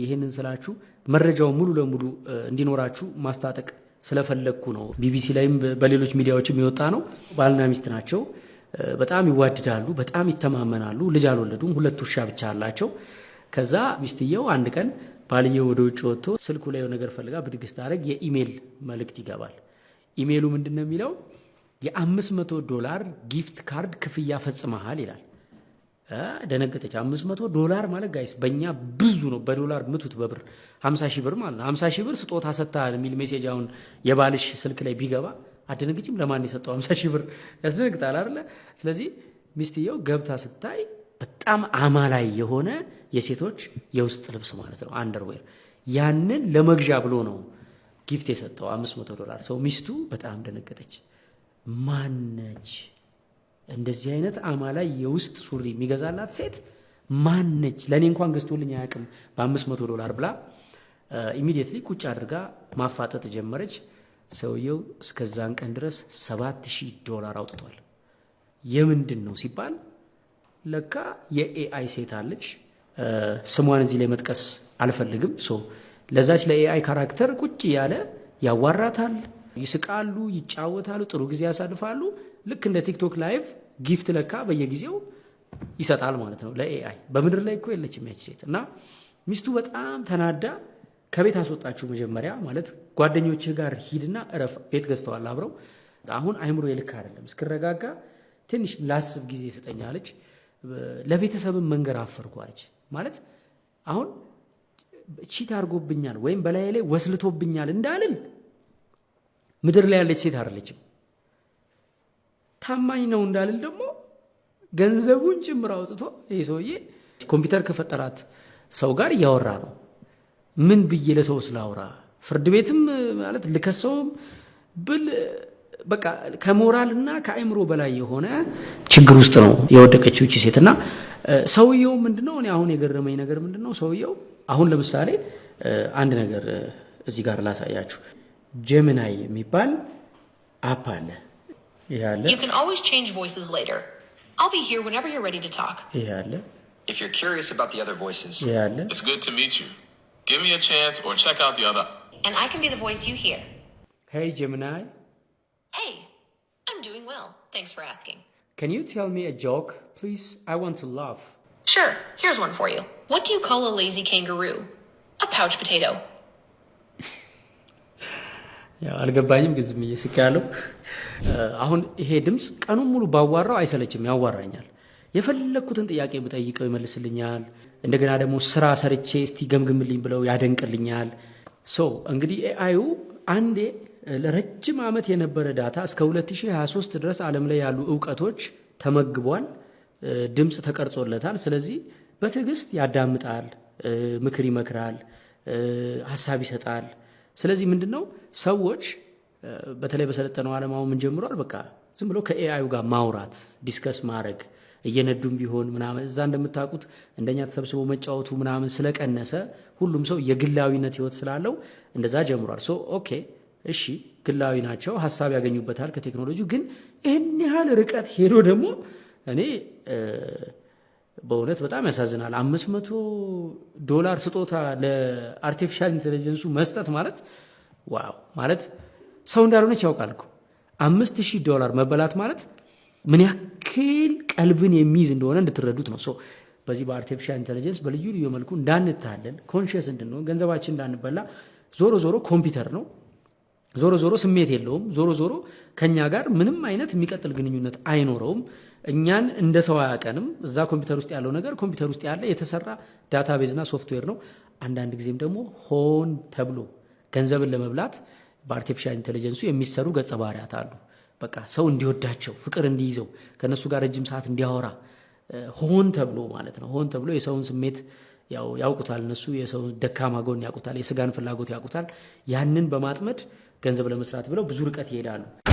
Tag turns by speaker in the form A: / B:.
A: ይህንን ስላችሁ መረጃው ሙሉ ለሙሉ እንዲኖራችሁ ማስታጠቅ ስለፈለግኩ ነው። ቢቢሲ ላይም በሌሎች ሚዲያዎችም የወጣ ነው። ባልና ሚስት ናቸው። በጣም ይዋድዳሉ፣ በጣም ይተማመናሉ። ልጅ አልወለዱም። ሁለት ውሻ ብቻ አላቸው። ከዛ ሚስትየው አንድ ቀን ባልየው ወደ ውጭ ወጥቶ ስልኩ ላይ ነገር ፈልጋ ብድግ ስታደርግ የኢሜል መልእክት ይገባል። ኢሜሉ ምንድን ነው የሚለው? የአምስት መቶ ዶላር ጊፍት ካርድ ክፍያ ፈጽመሃል ይላል። ደነገጠች። አምስት መቶ ዶላር ማለት ጋይስ በእኛ ብዙ ነው። በዶላር ምቱት፣ በብር ሀምሳ ሺህ ብር ማለት ነው። ሀምሳ ሺህ ብር ስጦታ ሰጥተሃል የሚል ሜሴጅ አሁን የባልሽ ስልክ ላይ ቢገባ አደነግጭም? ለማን የሰጠው ሀምሳ ሺህ ብር ያስደነግጣል አይደለ? ስለዚህ ሚስትየው ገብታ ስታይ በጣም አማላይ የሆነ የሴቶች የውስጥ ልብስ ማለት ነው፣ አንደርዌር። ያንን ለመግዣ ብሎ ነው ጊፍት የሰጠው አምስት መቶ ዶላር ሰው። ሚስቱ በጣም ደነገጠች። ማነች እንደዚህ አይነት አማላይ የውስጥ ሱሪ የሚገዛላት ሴት ማነች? ለእኔ እንኳን ገዝቶልኝ አያውቅም በአምስት መቶ ዶላር ብላ ኢሚዲየትሊ ቁጭ አድርጋ ማፋጠጥ ጀመረች። ሰውየው እስከዛን ቀን ድረስ ሰባት ሺህ ዶላር አውጥቷል። የምንድን ነው ሲባል ለካ የኤአይ ሴት አለች። ስሟን እዚህ ላይ መጥቀስ አልፈልግም። ሶ ለዛች ለኤአይ ካራክተር ቁጭ ያለ ያዋራታል፣ ይስቃሉ፣ ይጫወታሉ፣ ጥሩ ጊዜ ያሳልፋሉ። ልክ እንደ ቲክቶክ ላይቭ ጊፍት ለካ በየጊዜው ይሰጣል ማለት ነው ለኤአይ። በምድር ላይ እኮ የለች ያች ሴት። እና ሚስቱ በጣም ተናዳ ከቤት አስወጣችሁ መጀመሪያ ማለት ጓደኞችህ ጋር ሂድና እረፍ። ቤት ገዝተዋል አብረው። አሁን አይምሮ የልክ አይደለም፣ እስክረጋጋ ትንሽ ላስብ ጊዜ ስጠኝ አለች። ለቤተሰብም መንገር አፈርኩ አለች። ማለት አሁን ቺት አድርጎብኛል ወይም በላይ ላይ ወስልቶብኛል እንዳልል ምድር ላይ ያለች ሴት አይደለችም። ታማኝ ነው እንዳልል ደግሞ ገንዘቡን ጭምር አውጥቶ ይህ ሰውዬ ኮምፒውተር ከፈጠራት ሰው ጋር እያወራ ነው። ምን ብዬ ለሰው ስላወራ ፍርድ ቤትም ማለት ልከሰውም ብል በቃ ከሞራል እና ከአእምሮ በላይ የሆነ ችግር ውስጥ ነው የወደቀችው እቺ ሴት እና ሰውየው ምንድነው? እኔ አሁን የገረመኝ ነገር ምንድነው? ሰውየው አሁን ለምሳሌ አንድ ነገር እዚህ ጋር ላሳያችሁ። ጀምናይ የሚባል አፕ አለ።
B: You can always change voices later. I'll be here whenever you're ready to talk.
A: If you're curious about the other voices, It's good to meet you. Give me a chance or check out the other.
B: And I can be the voice you hear.
C: Hey Gemini,
B: Hey, I'm doing well. Thanks for asking.
C: can you tell me a joke, please? I want to laugh.
B: Sure, here's one for you. What do you call a lazy kangaroo? A pouch potato.
A: አልገባኝም ግን ዝም ያለው አሁን ይሄ ድምፅ ቀኑን ሙሉ ባዋራው አይሰለችም፣ ያዋራኛል። የፈለግኩትን ጥያቄ ብጠይቀው ይመልስልኛል። እንደገና ደግሞ ስራ ሰርቼ እስቲ ገምግምልኝ ብለው ያደንቅልኛል። ሶ እንግዲህ ኤአዩ አንዴ ለረጅም ዓመት የነበረ ዳታ እስከ 2023 ድረስ ዓለም ላይ ያሉ እውቀቶች ተመግቧል። ድምፅ ተቀርጾለታል። ስለዚህ በትዕግስት ያዳምጣል፣ ምክር ይመክራል፣ ሀሳብ ይሰጣል። ስለዚህ ምንድን ነው ሰዎች በተለይ በሰለጠነው ዓለም አሁን ምን ጀምሯል? በቃ ዝም ብሎ ከኤአዩ ጋር ማውራት ዲስከስ ማድረግ እየነዱም ቢሆን ምናምን እዛ እንደምታውቁት እንደኛ ተሰብስቦ መጫወቱ ምናምን ስለቀነሰ ሁሉም ሰው የግላዊነት ህይወት ስላለው እንደዛ ጀምሯል። ሶ ኦኬ እሺ ግላዊ ናቸው፣ ሀሳብ ያገኙበታል ከቴክኖሎጂ ግን ይህን ያህል ርቀት ሄዶ ደግሞ እኔ በእውነት በጣም ያሳዝናል። አምስት መቶ ዶላር ስጦታ ለአርቲፊሻል ኢንቴሊጀንሱ መስጠት ማለት ዋው ማለት ሰው እንዳልሆነች ያውቃል እኮ አምስት ሺህ ዶላር መበላት ማለት ምን ያክል ቀልብን የሚይዝ እንደሆነ እንድትረዱት ነው። በዚህ በአርቲፊሻል ኢንቴሊጀንስ በልዩ ልዩ መልኩ እንዳንታለን፣ ኮንሽስ እንድንሆን፣ ገንዘባችን እንዳንበላ ዞሮ ዞሮ ኮምፒውተር ነው ዞሮ ዞሮ ስሜት የለውም። ዞሮ ዞሮ ከእኛ ጋር ምንም አይነት የሚቀጥል ግንኙነት አይኖረውም። እኛን እንደ ሰው አያቀንም። እዛ ኮምፒውተር ውስጥ ያለው ነገር ኮምፒውተር ውስጥ ያለ የተሰራ ዳታቤዝና ሶፍትዌር ነው። አንዳንድ ጊዜም ደግሞ ሆን ተብሎ ገንዘብን ለመብላት በአርቲፊሻል ኢንቴሊጀንሱ የሚሰሩ ገጸ ባህርያት አሉ። በቃ ሰው እንዲወዳቸው፣ ፍቅር እንዲይዘው፣ ከእነሱ ጋር ረጅም ሰዓት እንዲያወራ ሆን ተብሎ ማለት ነው። ሆን ተብሎ የሰውን ስሜት ያው ያውቁታል እነሱ የሰውን ደካማ ጎን ያውቁታል፣ የስጋን ፍላጎት ያውቁታል። ያንን በማጥመድ ገንዘብ ለመስራት ብለው ብዙ ርቀት ይሄዳሉ።